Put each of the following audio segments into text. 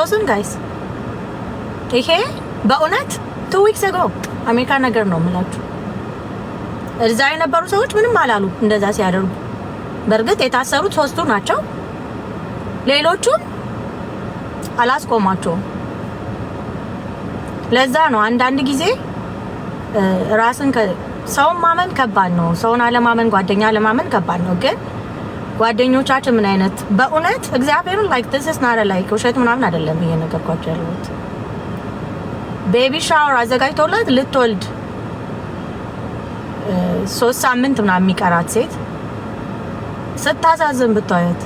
ታውዘንድ ጋይስ ይሄ በእውነት ቱ ዊክስ አጎ አሜሪካ ነገር ነው የምላችሁ። እዛ የነበሩ ሰዎች ምንም አላሉ እንደዛ ሲያደርጉ። በእርግጥ የታሰሩት ሶስቱ ናቸው። ሌሎቹም አላስቆማቸውም። ለዛ ነው አንዳንድ ጊዜ ራስን ሰውን ማመን ከባድ ነው። ሰውን አለማመን፣ ጓደኛ አለማመን ከባድ ነው ግን ጓደኞቻችን ምን አይነት በእውነት እግዚአብሔርን ላይክ ስ ናረ ላይክ ውሸት ምናምን አይደለም እየነገርኳቸው ያለሁት። ቤቢ ሻወር አዘጋጅቶላት ልትወልድ ሶስት ሳምንት ምናምን የሚቀራት ሴት ስታሳዝን ብታዩት፣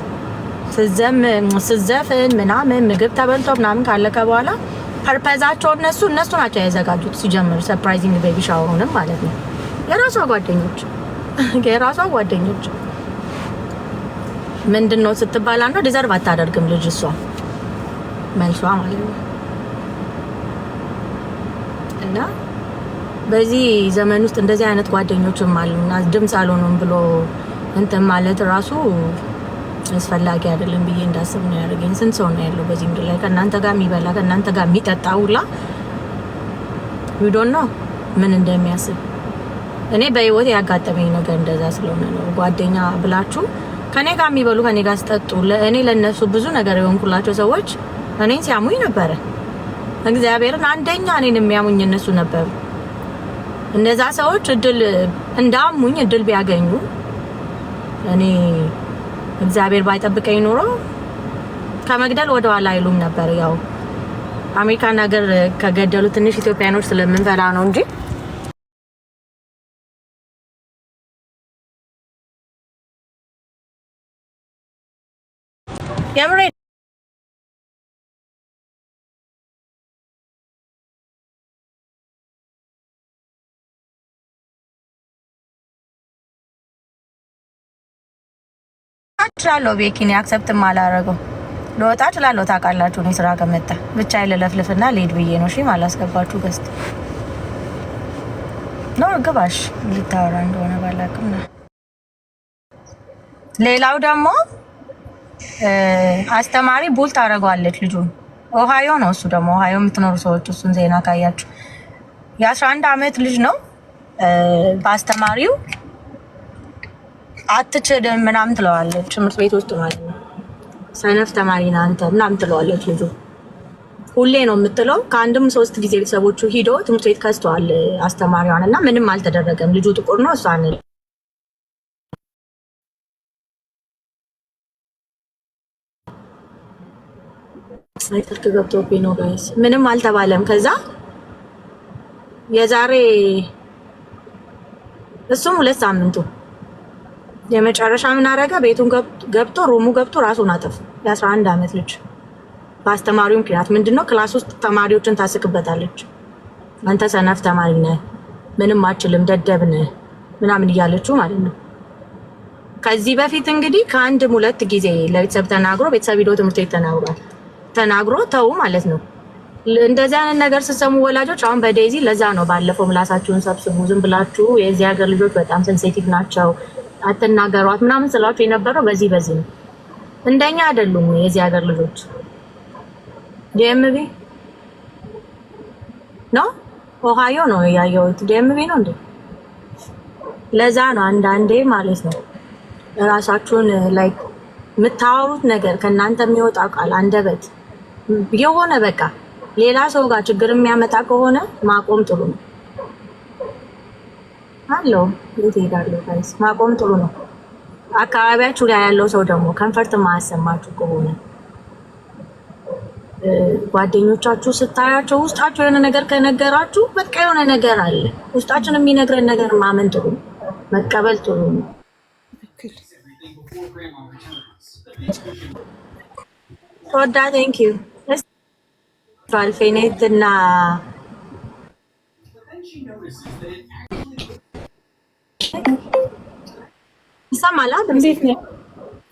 ስዘፍን ምናምን ምግብ ተበልቶ ምናምን ካለከ በኋላ ፐርፐዛቸው እነሱ እነሱ ናቸው ያዘጋጁት ሲጀምር ሰርፕራይዚንግ ቤቢ ሻወሩንም ማለት ነው የራሷ ጓደኞች የራሷ ጓደኞች ምንድን ነው ስትባል አንዷ ዲዘርቭ አታደርግም ልጅ እሷ መልሷ ማለት ነው። እና በዚህ ዘመን ውስጥ እንደዚህ አይነት ጓደኞችም አሉና ድምፅ አልሆኑም ብሎ እንትን ማለት ራሱ አስፈላጊ አይደለም ብዬ እንዳስብ ነው ያደርገኝ። ስንት ሰው ነው ያለው በዚህ ምድር ላይ ከእናንተ ጋር የሚበላ ከእናንተ ጋር የሚጠጣ ሁላ ዊዶን ነው ምን እንደሚያስብ እኔ በህይወት ያጋጠመኝ ነገር እንደዛ ስለሆነ ነው ጓደኛ ብላችሁ ከኔ ጋር የሚበሉ ከኔ ጋር ስጠጡ እኔ ለነሱ ብዙ ነገር የሆንኩላቸው ሰዎች እኔን ሲያሙኝ ነበረ። እግዚአብሔርን አንደኛ እኔን የሚያሙኝ እነሱ ነበሩ። እነዛ ሰዎች እድል እንዳሙኝ እድል ቢያገኙ እኔ እግዚአብሔር ባይጠብቀኝ ኖሮ ከመግደል ወደ ኋላ አይሉም ነበር። ያው አሜሪካን ሀገር ከገደሉ ትንሽ ኢትዮጵያኖች ስለምንፈላ ነው እንጂ የምሬ እችላለሁ ቤኪን አክሰፕትም አላረገው ለወጣ እችላለሁ። ታውቃላችሁ እኔ ስራ ከመጣ ብቻ የለለፍልፍና ልሄድ ብዬ ነው። እሺ ማላስገባችሁ ገዝት ነው ግባሽ ልታወራ እንደሆነ ባላቅም ሌላው ደግሞ አስተማሪ ቡል ታደርገዋለች ልጁን። ኦሃዮ ነው እሱ ደግሞ ኦሃዮ የምትኖሩ ሰዎች እሱን ዜና ካያችሁ የአስራ አንድ አመት ልጅ ነው። በአስተማሪው አትችልም ምናምን ትለዋለች፣ ትምህርት ቤት ውስጥ ማለት ነው። ሰነፍ ተማሪ ነህ አንተ ምናምን ትለዋለች ልጁ ሁሌ ነው የምትለው። ከአንድም ሶስት ጊዜ ቤተሰቦቹ ሂዶ ትምህርት ቤት ከስተዋል አስተማሪዋን እና ምንም አልተደረገም። ልጁ ጥቁር ነው እሷን ስልክ ገብቶብኝ ነው ጋይስ። ምንም አልተባለም። ከዛ የዛሬ እሱም ሁለት ሳምንቱ የመጨረሻ ምን አረገ? ቤቱን ገብቶ ሩሙ ገብቶ ራሱን አጠፍ የ የ11 ዓመት ልጅ በአስተማሪው ምክንያት ምንድነው ክላስ ውስጥ ተማሪዎችን ታስቅበታለች። አንተ ሰነፍ ተማሪ ነህ፣ ምንም አችልም፣ ደደብ ነህ ምናምን እያለችው ማለት ነው። ከዚህ በፊት እንግዲህ ከአንድም ሁለት ጊዜ ለቤተሰብ ተናግሮ ቤተሰብ ሂዶ ትምህርት ቤት ተናግሯል። ተናግሮ ተው ማለት ነው። እንደዚህ አይነት ነገር ስትሰሙ ወላጆች አሁን በዴይዚ ለዛ ነው ባለፈው ምላሳችሁን ሰብስቡ፣ ዝም ብላችሁ የዚህ ሀገር ልጆች በጣም ሴንሴቲቭ ናቸው አትናገሯት ምናምን ስላችሁ የነበረው በዚህ በዚህ ነው። እንደኛ አይደሉም የዚህ ሀገር ልጆች ዲኤምቪ ነው ኦሃዮ ነው ያየሁት። ዲኤምቪ ነው እንዴ? ለዛ ነው አንዳንዴ ማለት ነው ራሳችሁን ላይ የምታወሩት ነገር ከእናንተ የሚወጣ ቃል አንደበት የሆነ በቃ ሌላ ሰው ጋር ችግር የሚያመጣ ከሆነ ማቆም ጥሩ ነው አለው። የት ሄዳለሁ? ጋይስ ማቆም ጥሩ ነው። አካባቢያችሁ ላይ ያለው ሰው ደግሞ ከንፈርት ማያሰማችሁ ከሆነ ጓደኞቻችሁ ስታያቸው ውስጣችሁ የሆነ ነገር ከነገራችሁ በቃ የሆነ ነገር አለ። ውስጣችን የሚነግረን ነገር ማመን ጥሩ ነው፣ መቀበል ጥሩ ነው። ተወዳ ቴንክ ዩ ይመስላችኋል? ፌኔት እና ይሰማል። እንዴት ነው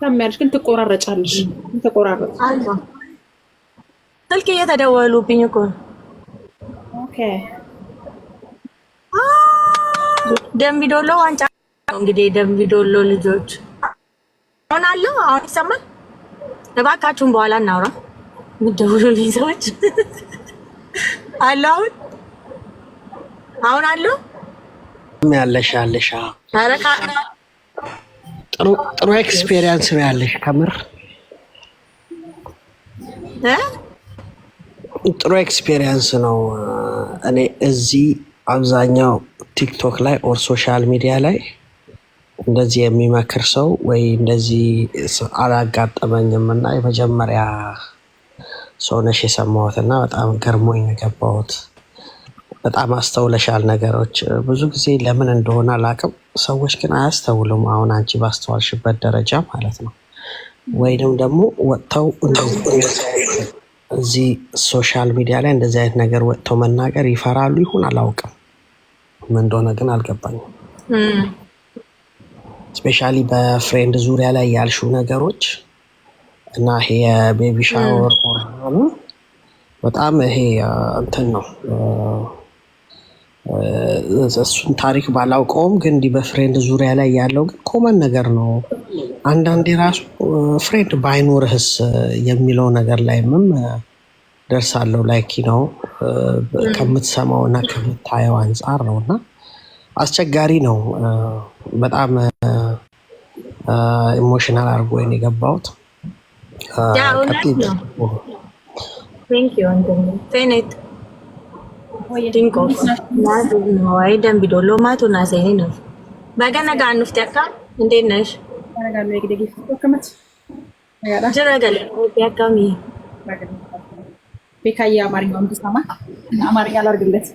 ታሚያለሽ? ግን ትቆራረጫለሽ። ተቆራረጥ ስልክ እየተደወሉብኝ እኮ ኦኬ። ደምቢዶሎ ዋንጫ ነው እንግዲህ። ደምቢዶሎ ልጆች ሆናለሁ። አሁን ይሰማል። እባካችሁን በኋላ እናውራ። ምደውሉልኝ ሰዎች አለ። አሁን አሁን አለው ያለሽ ያለሽ ጥሩ ጥሩ ኤክስፔሪየንስ ነው ያለሽ ከምር ጥሩ ኤክስፔሪየንስ ነው። እኔ እዚህ አብዛኛው ቲክቶክ ላይ ኦር ሶሻል ሚዲያ ላይ እንደዚህ የሚመክር ሰው ወይ እንደዚህ አላጋጠመኝም እና የመጀመሪያ ሰውነሽ የሰማሁት እና በጣም ገርሞኝ የገባሁት በጣም አስተውለሻል ነገሮች። ብዙ ጊዜ ለምን እንደሆነ አላቅም፣ ሰዎች ግን አያስተውሉም። አሁን አንቺ ባስተዋልሽበት ደረጃ ማለት ነው። ወይንም ደግሞ ወጥተው እዚህ ሶሻል ሚዲያ ላይ እንደዚህ አይነት ነገር ወጥተው መናገር ይፈራሉ ይሁን አላውቅም። ምን እንደሆነ ግን አልገባኝም። ስፔሻሊ በፍሬንድ ዙሪያ ላይ ያልሹ ነገሮች እና ይሄ የቤቢ ሻወር በጣም ይሄ እንትን ነው። እሱን ታሪክ ባላውቀውም ግን እንዲህ በፍሬንድ ዙሪያ ላይ ያለው ግን ኮመን ነገር ነው። አንዳንዴ ራሱ ፍሬንድ ባይኖርህስ የሚለው ነገር ላይምም ደርሳለሁ። ላይክ ነው ከምትሰማው እና ከምታየው አንጻር ነው እና አስቸጋሪ ነው። በጣም ኢሞሽናል አድርጎ የገባሁት ቤካዬ አማርኛውን ብሰማ አማርኛ አላርግለት